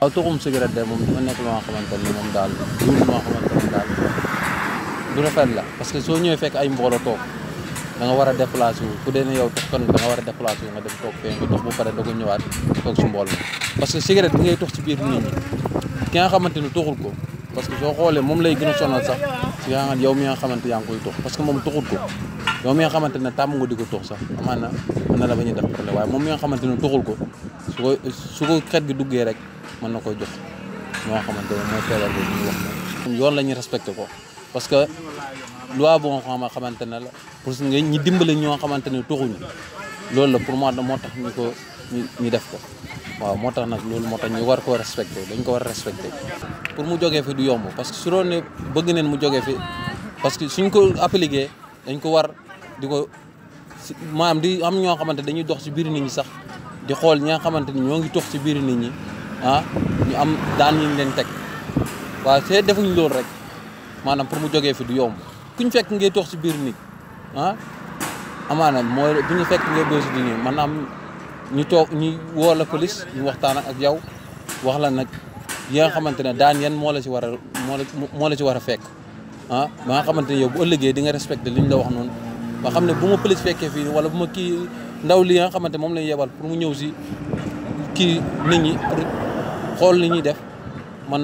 waaw tuxum cigarette de moom dafa nekk lu nga xamante ni moom daal lu lu nga xamante ni daal du rafet la parce que soo ñëwee fekk ay mbooloo toog da war a déplacé wu dee ne yow toxkan da nga war a déplacé wu nga dem toog fee nga dox bu pare doog ñëwaat toog si mbool parce que cigarette bi ngay tox ci biir nit ñi xamante ni tuxul ko parce que soo xoolee moom lay gën a sonal sax si nga xamante yow mi nga xamante yaa ngi koy tox parce que moom tuxul ko yow mi nga xamante ne tàmm nga di ko tux sax amaan na mën a def problème ko su ko ko xet duggee rek mën na koy jox moo xamante ne yoon la ñuy respecté ko parce que loi boo xamante ne la pour nga ñi dimbale ñoo xamante ne tuxuñu loolu la pour moi moo tax ñu ko ñu def ko waaw moo tax nag loolu moo tax ñu war koo respecté dañ ko war a respecté pour mu jógee fi du yomb parce que su doon ne bëgg neen mu jógee fi parce que suñ ko appliqué dañ ko war diko maam di am ñoo xamanteni dañuy dox ci biir nit ñi sax di xol ñi nga xamante ñoo ngi tok ci biir nit ñi ah ñu am daan ñu leen teg waaw see defuñ lool rek manam pour mu joggé fi du yom kuñ fekk ngey tok ci biir nit ah amana moy buñu fekk ngey bëss di ñu nit maanaam ñu tok ñu wo la police ñu waxtaan ak yow wax la nak ya nga xamante daan yeen mo la ci wara mo la ci wara fekk ah ba nga xamante yow bu ëllëgé di nga respecté liñ la wax non ba xam ne bu ma police fekkee fii wala bu ma kii ndaw li nga xamante moom lañ yebal pour mu ñëw si kii nit ñi pour xool li ñuy def man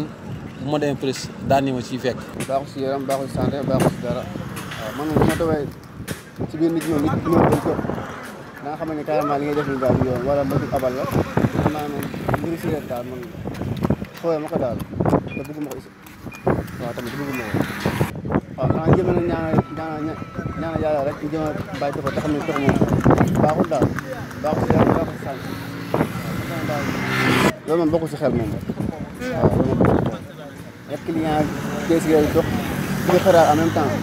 bu ma demee police daan ni ma ciy fekk. baaxul si yaram baaxul si santé baaxul dara man bu ma si biir nit ñoom nit ñoom dañ ko da nga xam ne carrément li ngay def nii daal yoon wala mbëgg abal la xam naa moom mbiru si daal man ko daal te bëgguma ko is waaw xanaa jéem a ñaanal ñaanal ñaanal yàlla rek jéem a bàyyi ko te xam ne tox moom baaxul daal baaxul yàlla baaxul sànq loolu moom bokkul si xel moom waaw loolu moom bokkul si xel rek client kees gi lay dox di xaraar en même temps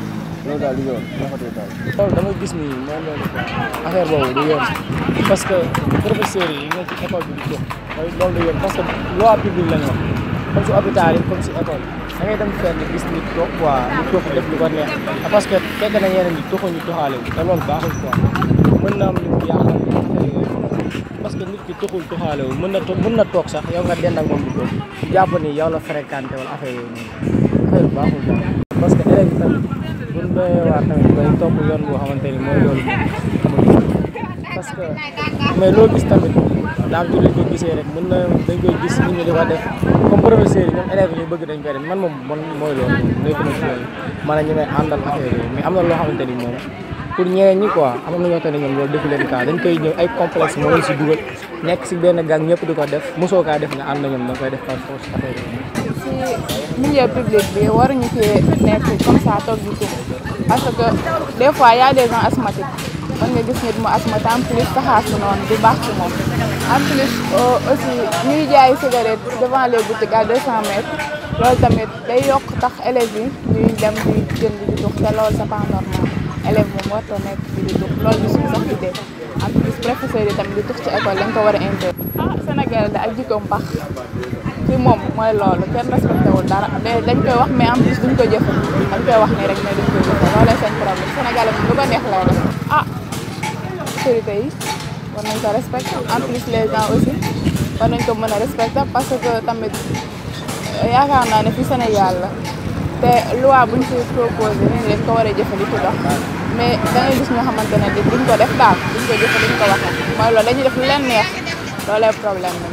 loolu daal di yoon waxatee daal. loolu dama gis ni mooy loolu affaire boobu du yoon parce que professeurs yi nekk ci école bi di jox loolu du yoon parce que loi publique la ñu wax comme si hôpital yi comme si école da ngay dem fenn gis nit toog quoi nit toog def lu ko neex ah, parce que fekk na ñeneen ñi toxuñu toxaale te loolu baaxul quoi mën na am nit ki yàqal parce que nit ki toxul mën na toog mën na toog sax yow nga dend ak moom du toog jàpp ni yow la fréquenté wala affaire yooyu noonu affaire baaxul quoi parce que élèves tamit buñ doyee waar tamit bay topp yoon boo xamante ni mooy yoon parce que mais loo gis tamit daam jur lañ ko gisee rek mën na dañ koy gis nit di ko def comme professeur yi ñoom élèves ñu bëgg dañ koy def man moom man mooy loolu nekk na ci man ñu may àndal affaire yooyu mais am na loo xamante pour ñeneen ñi quoi am na ñoo xam ne ñoom defu leen kaa dañ koy ñëw ay complexe moo nekk benn gang def def nga da koy def par force affaire milieu public bi nekk comme ça parce que des fois y a des gens asthmatiques mën nga gis nit mu asthme en plus taxaasu noonu di baax ci moom en euh, aussi ñuy jaay cigarette devant les boutiques à 200 mètres loolu tamit day yokk tax élèves yi ñuy dem di jënd di dux te loolu c'est pas normal moom warta nekk di di dux loolu dañ ko war a interdire ah Sénégal da ak moom mooy loolu kenn respecté dara dañ koy wax mais en duñ ko jëfe dañ koy wax nii rek mais duñ ko jëfe loolee seen problème Sénégal moom lu neex lay def ah autorité yi war nañ ko respecter en plus les gens aussi war nañ ko mën a respecter parce que tamit yaakaar naa ne fi Sénégal la te loi buñ ci proposé nii lañ ko war a jëfandikoo dox mais da ngay gis ñoo xamante ne duñ ko def daal duñ ko jëfe ko waxe mooy loolu dañuy def leen neex loolay problème bi nag